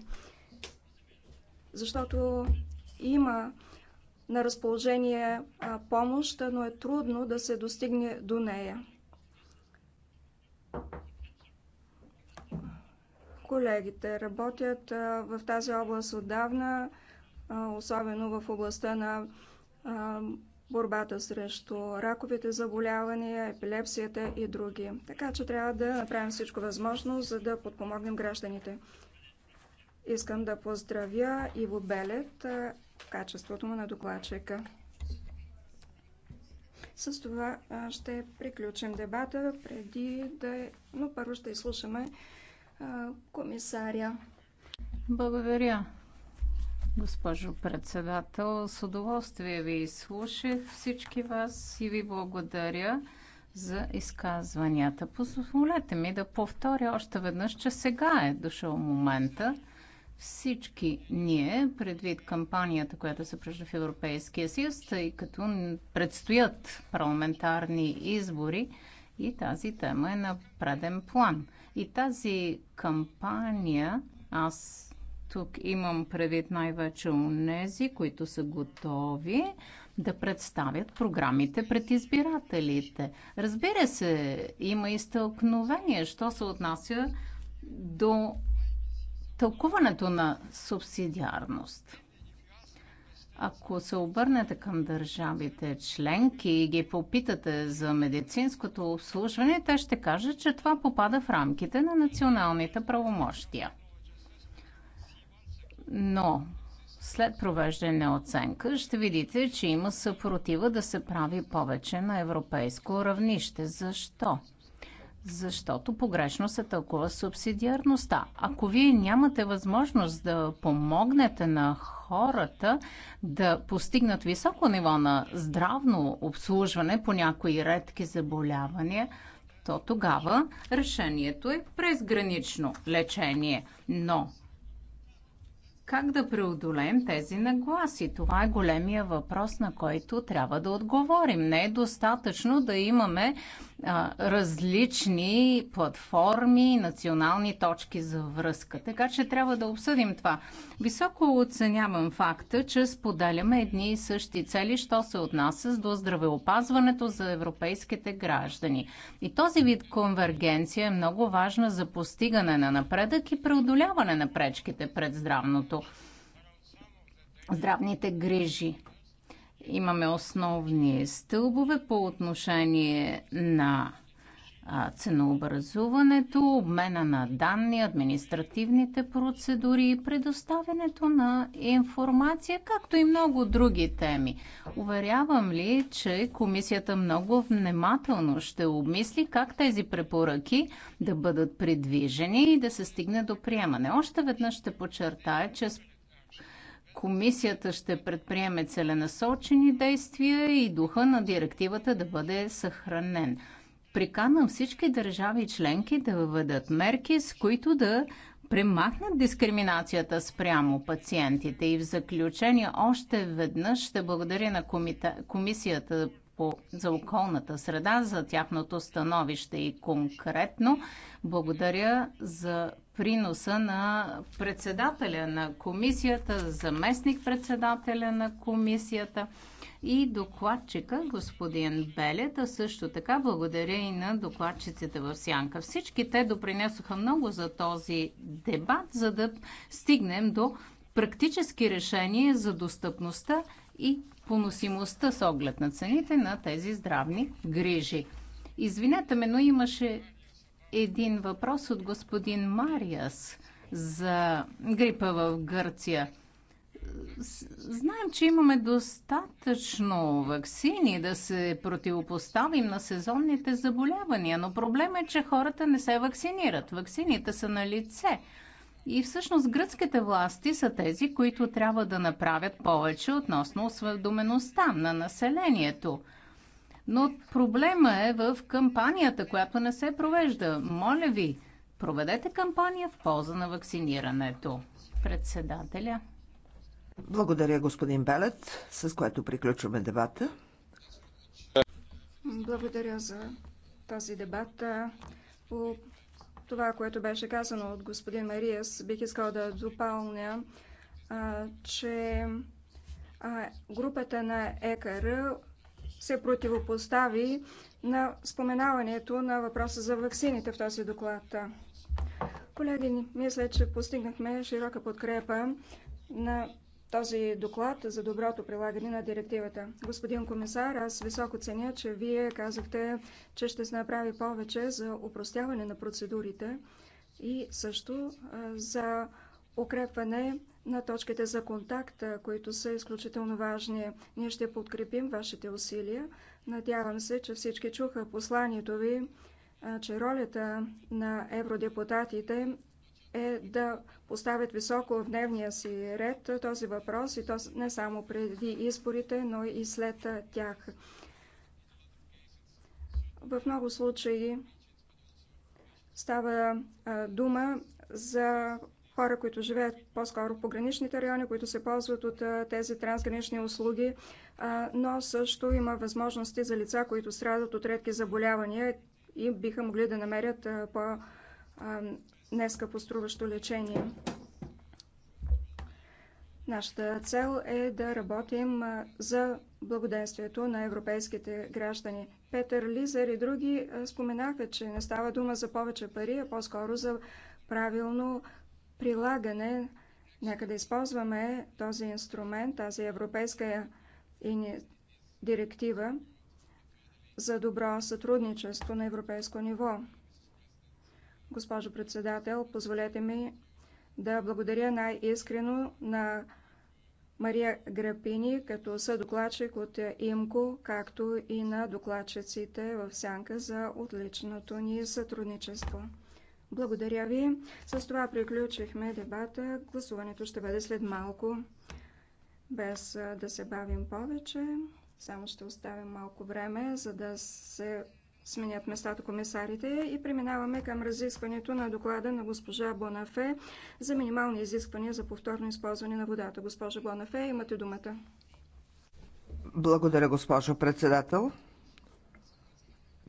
Защото има на разположение помощ, но е трудно да се достигне до нея. Колегите работят в тази област отдавна особено в областта на борбата срещу раковите заболявания, епилепсията и други. Така че трябва да направим всичко възможно, за да подпомогнем гражданите. Искам да поздравя Иво Белет в качеството му на докладчика. С това ще приключим дебата преди да... Но първо ще изслушаме комисаря. Благодаря. Госпожо председател, с удоволствие ви изслушах всички вас и ви благодаря за изказванията. Позволете ми да повторя още веднъж, че сега е дошъл момента всички ние, предвид кампанията, която се прежда в Европейския съюз, тъй като предстоят парламентарни избори и тази тема е на преден план. И тази кампания, аз тук имам предвид най-вече у нези, които са готови да представят програмите пред избирателите. Разбира се, има и стълкновение, що се отнася до тълкуването на субсидиарност. Ако се обърнете към държавите членки и ги попитате за медицинското обслужване, те ще кажат, че това попада в рамките на националните правомощия но след провеждане оценка ще видите, че има съпротива да се прави повече на европейско равнище. Защо? Защото погрешно се тълкува субсидиарността. Ако вие нямате възможност да помогнете на хората да постигнат високо ниво на здравно обслужване по някои редки заболявания, то тогава решението е презгранично лечение. Но как да преодолеем тези нагласи? Това е големия въпрос, на който трябва да отговорим. Не е достатъчно да имаме различни платформи, национални точки за връзка. Така че трябва да обсъдим това. Високо оценявам факта, че споделяме едни и същи цели, що се отнася до здравеопазването за европейските граждани. И този вид конвергенция е много важна за постигане на напредък и преодоляване на пречките пред здравното здравните грижи. Имаме основни стълбове по отношение на ценообразуването, обмена на данни, административните процедури, предоставянето на информация, както и много други теми. Уверявам ли, че комисията много внимателно ще обмисли как тези препоръки да бъдат придвижени и да се стигне до приемане. Още веднъж ще подчертая, че Комисията ще предприеме целенасочени действия и духа на директивата да бъде съхранен. Приканвам всички държави и членки да въведат мерки, с които да премахнат дискриминацията спрямо пациентите. И в заключение още веднъж ще благодаря на комита... Комисията по, за околната среда за тяхното становище и конкретно благодаря за приноса на председателя на комисията, заместник председателя на комисията и докладчика господин Белета също така благодаря и на докладчиците в Сянка. Всички те допринесоха много за този дебат, за да стигнем до практически решения за достъпността и поносимостта с оглед на цените на тези здравни грижи. Извинете ме, но имаше един въпрос от господин Мариас за грипа в Гърция. Знаем, че имаме достатъчно вакцини да се противопоставим на сезонните заболявания, но проблем е, че хората не се вакцинират. Ваксините са на лице. И всъщност гръцките власти са тези, които трябва да направят повече относно осведомеността на населението. Но проблема е в кампанията, която не се провежда. Моля ви, проведете кампания в полза на вакцинирането. Председателя. Благодаря, господин Белет, с което приключваме дебата. Благодаря за този дебат. По това, което беше казано от господин Мариас, бих искал да допълня, че групата на ЕКР се противопостави на споменаването на въпроса за ваксините в този доклад. Колеги, мисля, че постигнахме широка подкрепа на този доклад за доброто прилагане на директивата. Господин комисар, аз високо ценя, че вие казахте, че ще се направи повече за упростяване на процедурите и също за укрепване на точките за контакт, които са изключително важни. Ние ще подкрепим вашите усилия. Надявам се, че всички чуха посланието ви, че ролята на евродепутатите е да поставят високо в дневния си ред този въпрос и то не само преди изборите, но и след тях. В много случаи става дума за хора, които живеят по-скоро в пограничните райони, които се ползват от тези трансгранични услуги, но също има възможности за лица, които страдат от редки заболявания и биха могли да намерят по-нескъпо струващо лечение. Нашата цел е да работим за благоденствието на европейските граждани. Петър Лизер и други споменаха, че не става дума за повече пари, а по-скоро за правилно прилагане. Нека да използваме този инструмент, тази европейска директива за добро сътрудничество на европейско ниво. Госпожо председател, позволете ми да благодаря най-искрено на Мария Грапини като съдокладчик от ИМКО, както и на докладчиците в Сянка за отличното ни сътрудничество. Благодаря ви. С това приключихме дебата. Гласуването ще бъде след малко. Без да се бавим повече, само ще оставим малко време, за да се сменят местата комисарите и преминаваме към разискването на доклада на госпожа Бонафе за минимални изисквания за повторно използване на водата. Госпожа Бонафе, имате думата. Благодаря, госпожо председател.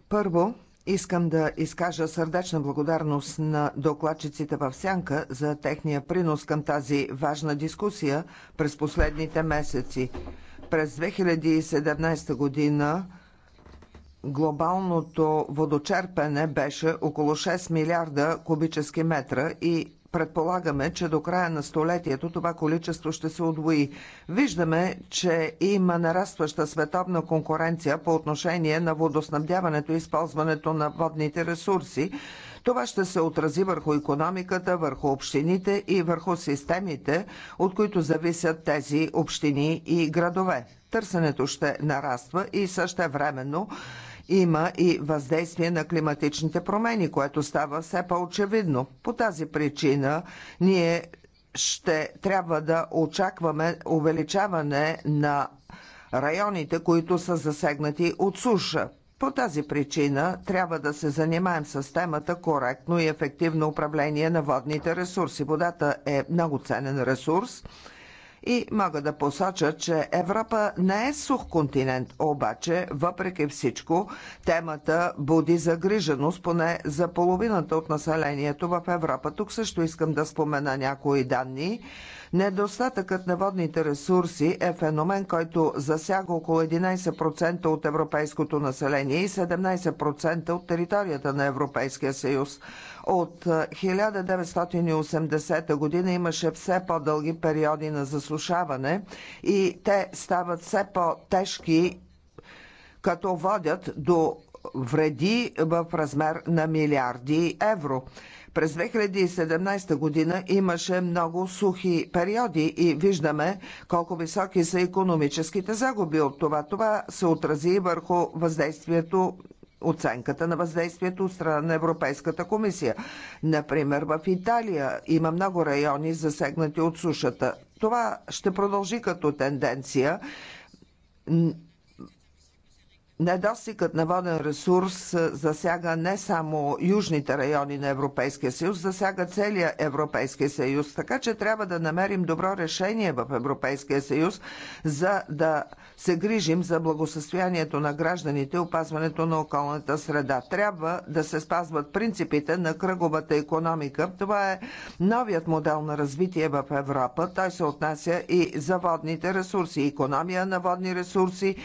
Първо, Искам да изкажа сърдечна благодарност на докладчиците в Сянка за техния принос към тази важна дискусия през последните месеци. През 2017 година глобалното водочерпене беше около 6 милиарда кубически метра и предполагаме, че до края на столетието това количество ще се удвои. Виждаме, че има нарастваща световна конкуренция по отношение на водоснабдяването и използването на водните ресурси. Това ще се отрази върху економиката, върху общините и върху системите, от които зависят тези общини и градове. Търсенето ще нараства и също времено има и въздействие на климатичните промени, което става все по-очевидно. По тази причина ние ще трябва да очакваме увеличаване на районите, които са засегнати от суша. По тази причина трябва да се занимаем с темата коректно и ефективно управление на водните ресурси. Водата е много ценен ресурс и мога да посоча, че Европа не е сух континент, обаче, въпреки всичко, темата буди загриженост поне за половината от населението в Европа. Тук също искам да спомена някои данни. Недостатъкът на водните ресурси е феномен, който засяга около 11% от европейското население и 17% от територията на Европейския съюз. От 1980 година имаше все по-дълги периоди на засушаване и те стават все по-тежки, като водят до вреди в размер на милиарди евро. През 2017 година имаше много сухи периоди и виждаме колко високи са економическите загуби от това. Това се отрази върху въздействието оценката на въздействието от страна на Европейската комисия. Например, в Италия има много райони засегнати от сушата. Това ще продължи като тенденция. Недостигът на воден ресурс засяга не само южните райони на Европейския съюз, засяга целия Европейския съюз. Така че трябва да намерим добро решение в Европейския съюз, за да се грижим за благосъстоянието на гражданите и опазването на околната среда. Трябва да се спазват принципите на кръговата економика. Това е новият модел на развитие в Европа. Той се отнася и за водните ресурси, економия на водни ресурси,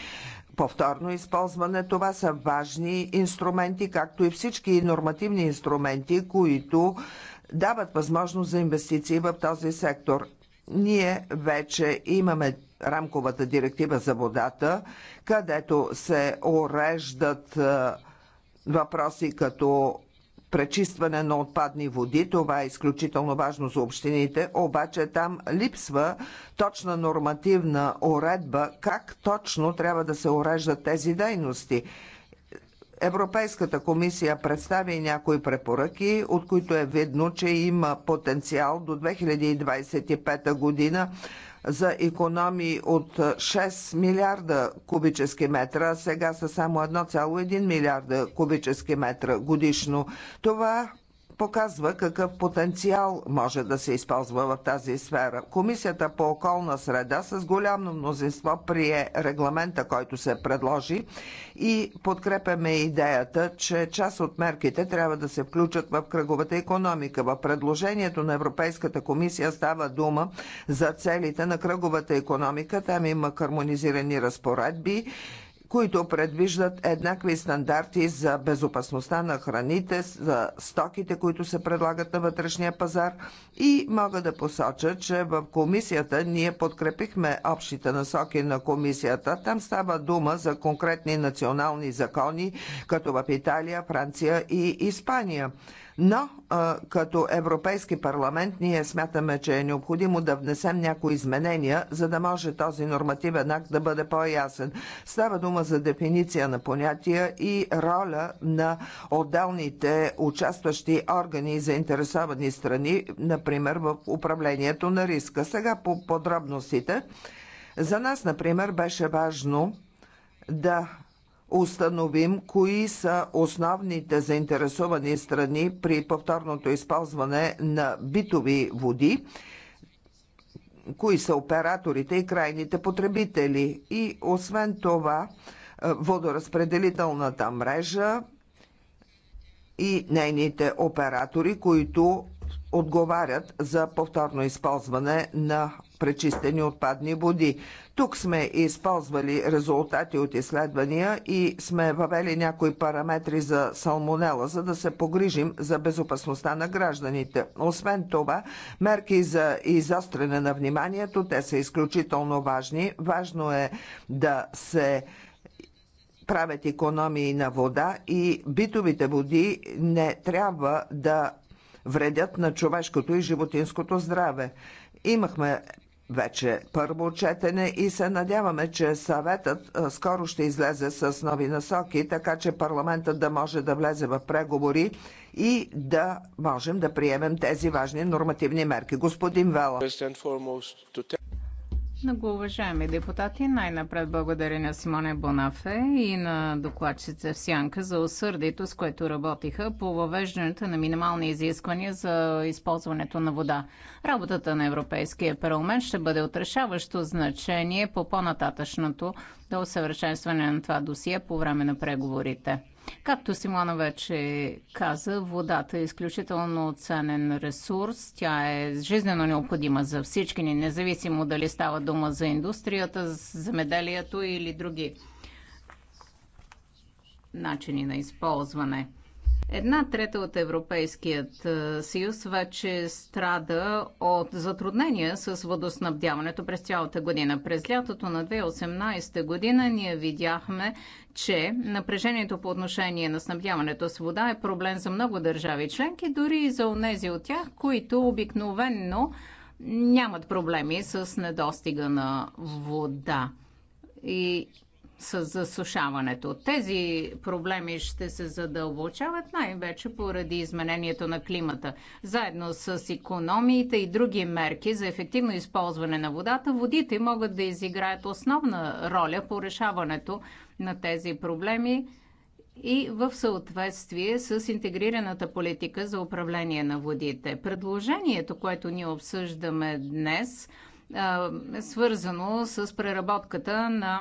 повторно използване. Това са важни инструменти, както и всички нормативни инструменти, които дават възможност за инвестиции в този сектор. Ние вече имаме рамковата директива за водата, където се уреждат е, въпроси като пречистване на отпадни води. Това е изключително важно за общините, обаче там липсва точна нормативна уредба как точно трябва да се уреждат тези дейности. Европейската комисия представи някои препоръки, от които е видно, че има потенциал до 2025 година за економии от 6 милиарда кубически метра, сега са само 1,1 милиарда кубически метра годишно. Това показва какъв потенциал може да се използва в тази сфера. Комисията по околна среда с голямо мнозинство прие регламента, който се предложи и подкрепяме идеята, че част от мерките трябва да се включат в кръговата економика. В предложението на Европейската комисия става дума за целите на кръговата економика. Там има хармонизирани разпоредби които предвиждат еднакви стандарти за безопасността на храните, за стоките, които се предлагат на вътрешния пазар и мога да посоча, че в комисията ние подкрепихме общите насоки на комисията. Там става дума за конкретни национални закони, като в Италия, Франция и Испания. Но като Европейски парламент ние смятаме, че е необходимо да внесем някои изменения, за да може този нормативен акт да бъде по-ясен. Става дума за дефиниция на понятия и роля на отделните участващи органи и заинтересовани страни, например в управлението на риска. Сега по подробностите. За нас, например, беше важно да установим кои са основните заинтересовани страни при повторното използване на битови води, кои са операторите и крайните потребители. И освен това, е, водоразпределителната мрежа и нейните оператори, които отговарят за повторно използване на пречистени отпадни води. Тук сме използвали резултати от изследвания и сме въвели някои параметри за салмонела, за да се погрижим за безопасността на гражданите. Освен това, мерки за изостряне на вниманието, те са изключително важни. Важно е да се правят економии на вода и битовите води не трябва да вредят на човешкото и животинското здраве. Имахме вече първо четене и се надяваме, че съветът скоро ще излезе с нови насоки, така че парламентът да може да влезе в преговори и да можем да приемем тези важни нормативни мерки. Господин Вела. Много уважаеми депутати, най-напред благодаря на Симоне Бонафе и на докладчица в Сянка за усърдието, с което работиха по въвеждането на минимални изисквания за използването на вода. Работата на Европейския парламент ще бъде отрешаващо значение по по-нататъчното до усъвършенстване на това досие по време на преговорите. Както Симона вече каза, водата е изключително ценен ресурс. Тя е жизнено необходима за всички ни, независимо дали става дума за индустрията, за земеделието или други начини на използване. Една трета от Европейският е, съюз вече страда от затруднения с водоснабдяването през цялата година. През лятото на 2018 година ние видяхме, че напрежението по отношение на снабдяването с вода е проблем за много държави членки, дори и за онези от тях, които обикновенно нямат проблеми с недостига на вода. И с засушаването. Тези проблеми ще се задълбочават най-вече поради изменението на климата. Заедно с економиите и други мерки за ефективно използване на водата, водите могат да изиграят основна роля по решаването на тези проблеми и в съответствие с интегрираната политика за управление на водите. Предложението, което ние обсъждаме днес, е свързано с преработката на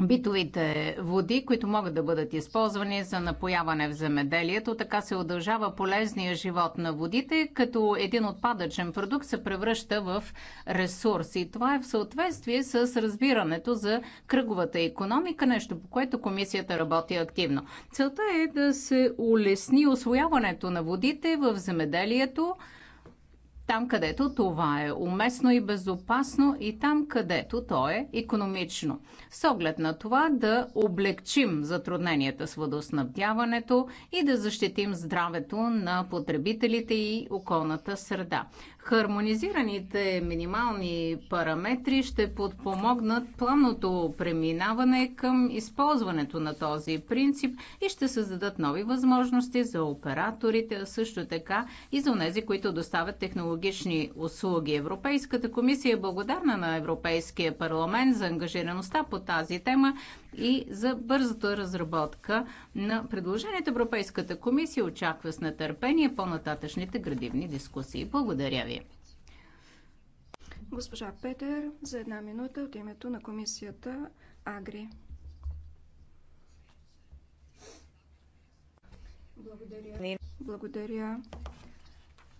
битовите води, които могат да бъдат използвани за напояване в земеделието. Така се удължава полезния живот на водите, като един отпадъчен продукт се превръща в ресурс. И това е в съответствие с разбирането за кръговата економика, нещо по което комисията работи активно. Целта е да се улесни освояването на водите в земеделието, там където това е уместно и безопасно и там където то е економично. С оглед на това да облегчим затрудненията с водоснабдяването и да защитим здравето на потребителите и околната среда. Хармонизираните минимални параметри ще подпомогнат плавното преминаване към използването на този принцип и ще създадат нови възможности за операторите, а също така и за тези, които доставят технологични услуги. Европейската комисия е благодарна на Европейския парламент за ангажираността по тази тема и за бързата разработка на предложението. Европейската комисия очаква с нетърпение по-нататъчните градивни дискусии. Благодаря ви. Госпожа Петер, за една минута от името на комисията Агри. Благодаря. Благодаря.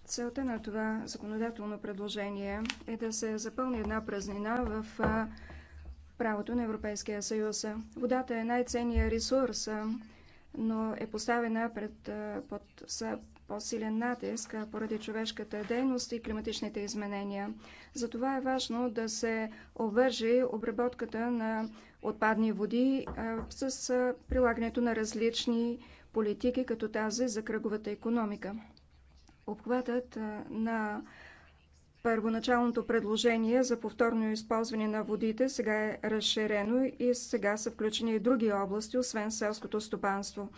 Целта на това законодателно предложение е да се запълни една празнина в правото на Европейския съюз. Водата е най-ценният ресурс, но е поставена пред, под по-силен натиск поради човешката дейност и климатичните изменения. Затова е важно да се обвържи обработката на отпадни води с прилагането на различни политики, като тази за кръговата економика. Обхватът на Първоначалното предложение за повторно използване на водите сега е разширено и сега са включени и други области, освен селското стопанство.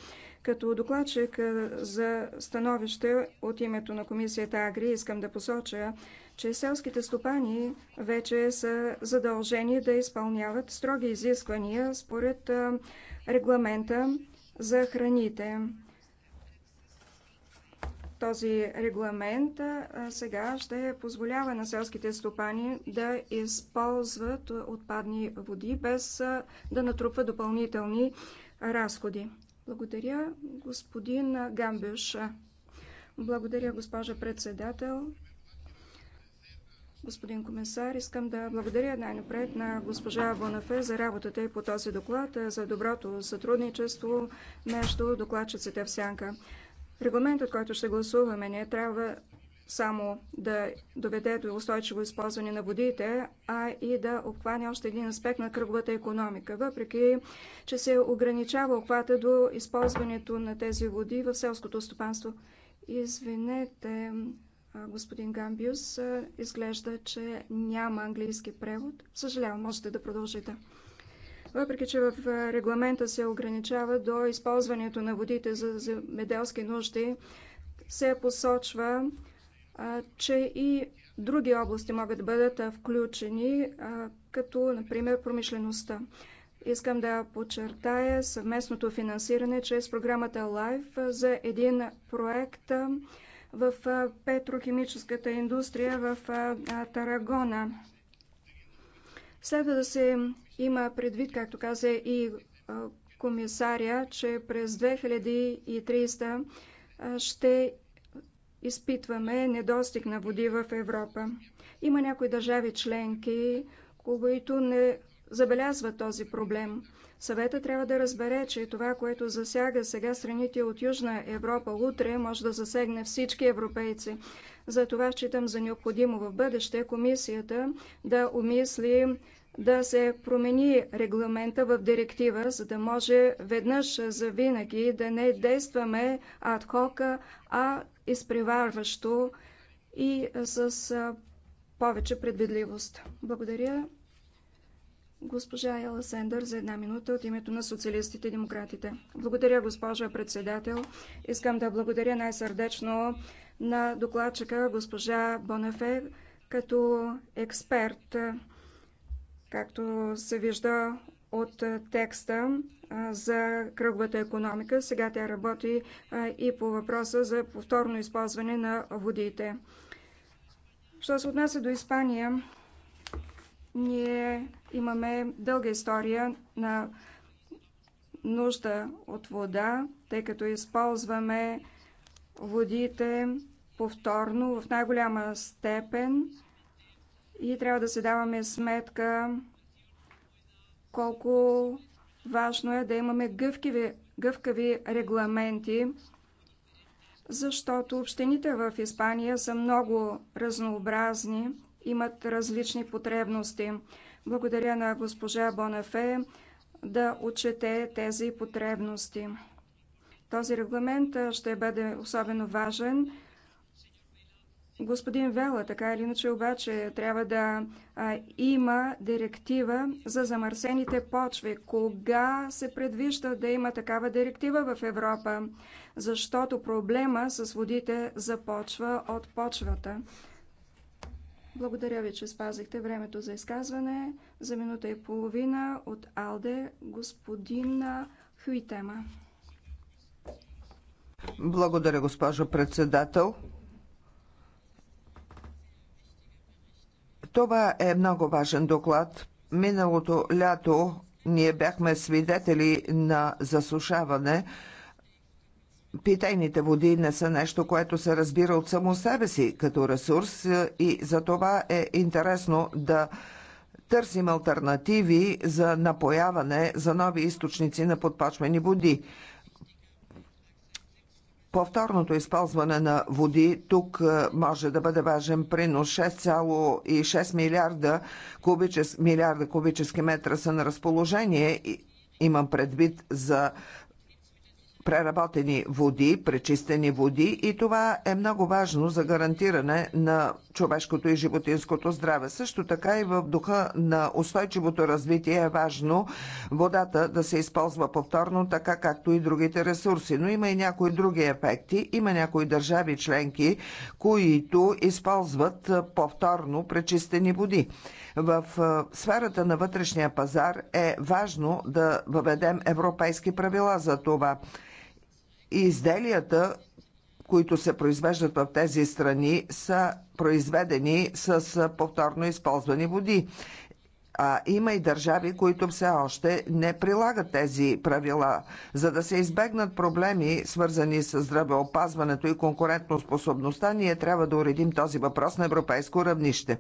Като докладчик за становище от името на комисията Агри искам да посоча, че селските стопани вече са задължени да изпълняват строги изисквания според регламента за храните. Този регламент сега ще позволява на селските стопани да използват отпадни води, без да натрупва допълнителни разходи. Благодаря, господин Гамбюш. Благодаря, госпожа председател. Господин комисар, искам да благодаря най-напред на госпожа Бонафе за работата и по този доклад, за доброто сътрудничество между докладчиците в Сянка. Регламентът, който ще гласуваме, не трябва само да доведе до устойчиво използване на водите, а и да обхване още един аспект на кръговата економика, въпреки че се ограничава обхвата до използването на тези води в селското стопанство. Извинете, господин Гамбиус, изглежда, че няма английски превод. Съжалявам, можете да продължите. Въпреки, че в регламента се ограничава до използването на водите за земеделски нужди, се посочва, че и други области могат да бъдат включени, като, например, промишлеността. Искам да подчертая съвместното финансиране чрез програмата LIFE за един проект в петрохимическата индустрия в Тарагона. Следва да се има предвид, както каза и комисаря, че през 2300 ще изпитваме недостиг на води в Европа. Има някои държави членки, които не забелязват този проблем. Съвета трябва да разбере, че това, което засяга сега страните от Южна Европа утре, може да засегне всички европейци. Затова считам за необходимо в бъдеще комисията да умисли да се промени регламента в директива, за да може веднъж за винаги да не действаме адхока, а изпреварващо и с повече предвидливост. Благодаря госпожа Ела Сендър за една минута от името на социалистите и демократите. Благодаря, госпожа председател. Искам да благодаря най-сърдечно на докладчика госпожа Бонафе като експерт Както се вижда от текста за кръговата економика, сега тя работи и по въпроса за повторно използване на водите. Що се отнася до Испания, ние имаме дълга история на нужда от вода, тъй като използваме водите повторно в най-голяма степен и трябва да се даваме сметка колко важно е да имаме гъвкави, гъвкави регламенти, защото общините в Испания са много разнообразни, имат различни потребности. Благодаря на госпожа Бонафе да отчете тези потребности. Този регламент ще бъде особено важен господин Вела, така или иначе обаче трябва да а, има директива за замърсените почви. Кога се предвижда да има такава директива в Европа? Защото проблема с водите започва от почвата. Благодаря ви, че спазихте времето за изказване. За минута и половина от Алде господин Хюитема. Благодаря, госпожо председател. Това е много важен доклад. Миналото лято ние бяхме свидетели на засушаване. Питейните води не са нещо, което се разбира от само себе си като ресурс и за това е интересно да търсим альтернативи за напояване за нови източници на подпочвени води. Повторното използване на води тук е, може да бъде важен принос. 6,6 милиарда, кубичес, милиарда кубически метра са на разположение. Имам предвид за преработени води, пречистени води и това е много важно за гарантиране на човешкото и животинското здраве. Също така и в духа на устойчивото развитие е важно водата да се използва повторно, така както и другите ресурси. Но има и някои други ефекти. Има някои държави членки, които използват повторно пречистени води. В сферата на вътрешния пазар е важно да въведем европейски правила за това изделията, които се произвеждат в тези страни, са произведени с повторно използвани води. А има и държави, които все още не прилагат тези правила. За да се избегнат проблеми, свързани с здравеопазването и конкурентоспособността, ние трябва да уредим този въпрос на европейско равнище.